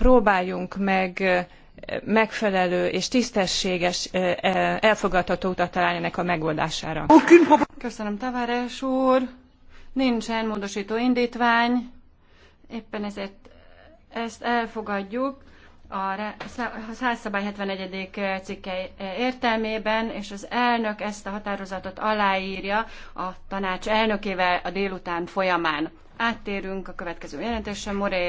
próbáljunk meg megfelelő és tisztességes, elfogadható utat találni ennek a megoldására. Köszönöm, Tavares úr. Nincsen módosító indítvány, éppen ezért ezt elfogadjuk a házszabály 71. cikke értelmében, és az elnök ezt a határozatot aláírja a tanács elnökével a délután folyamán. Áttérünk a következő jelentésre, Moré